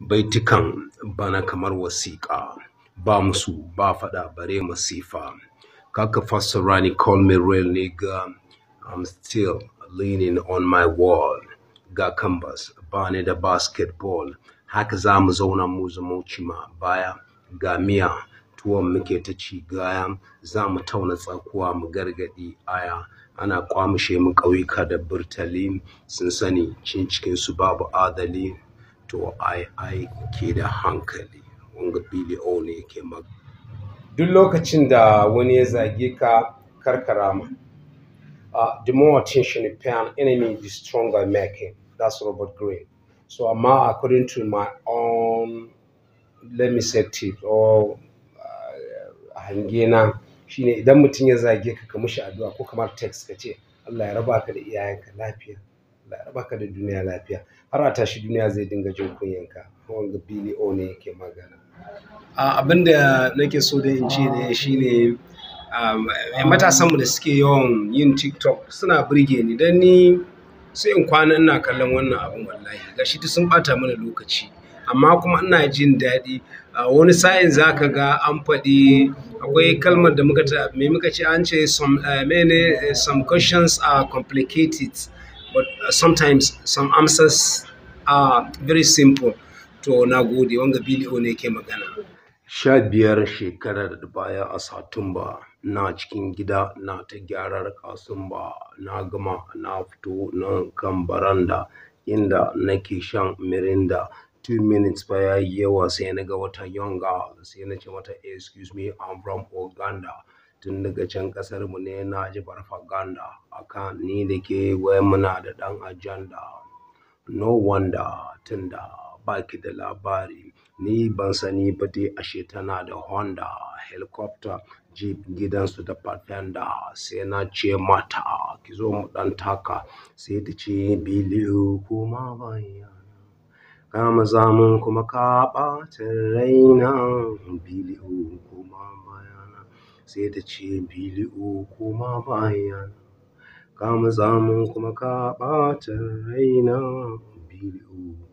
baitukan bana kamar wasiƙa ba musu ba faɗa bare masifa kaka fassara ni call me real nigga I'm still leaning on my wall ga canvas ba ni da basketball haka za mu zauna mu zama ma baya ga miya tuwon muke ta ci gaya za mu tauna tsakuwa mu gargaɗi aya ana kwamishe mu ƙauyuka da burtali sun sani cin cikinsu babu adali to ai ai ke da hankali wanga bilio ne ke mag duk lokacin da wani ya zage ka karkara ma uh, ah, the more attention you pay an enemy the stronger make him that's robert Greene. so amma according to my own let me say tip or ah, hangena shine idan mutum ya zage ka ka mushi addu'a ko kamar text ka ce Allah ya raba ka da iyayenka lafiya laraba da duniya lafiya har a tashi duniya zai dinga jin kunyanka wanga bili o ne yake magana abin da nake so da in ce ne shine um, eh, matasanmu da suke yawan yin tiktok suna birge ni don ni sai in kwana ina kallon wannan abin wallahi gashi duk sun bata mana lokaci amma kuma ina jin daɗi wani sa'in za ka ga an faɗi akwai kalmar da muka ce an ce some eh, eh, questions are complicated but uh, sometimes some answers are very simple to Nagode, wanga biliyo ne ke magana sha biyar shekarar baya a satumba na cikin gida na ta gyarar kasumba na gama na fito nan kan baranda inda nake shan mirinda two minutes baya yawa sai na ga wata yonga sai na ce mata excuse me i'm from uganda tun daga can ƙasar mu ne na ji farfaganda akan ni da ke wai muna da ɗan ajanda no wonder tunda baki da labari ni ban sani ba dai ashe tana da honda helicopter jeep gidansu da fatenda sai na ce mata ki zo mu ɗan taka sai ta ce biliyu kuma bayana ka maza mun kuma ka ɓata raina biliyu sai ta ce bili'o ma bayan ka mu samu kuma ka ɓata raina uku.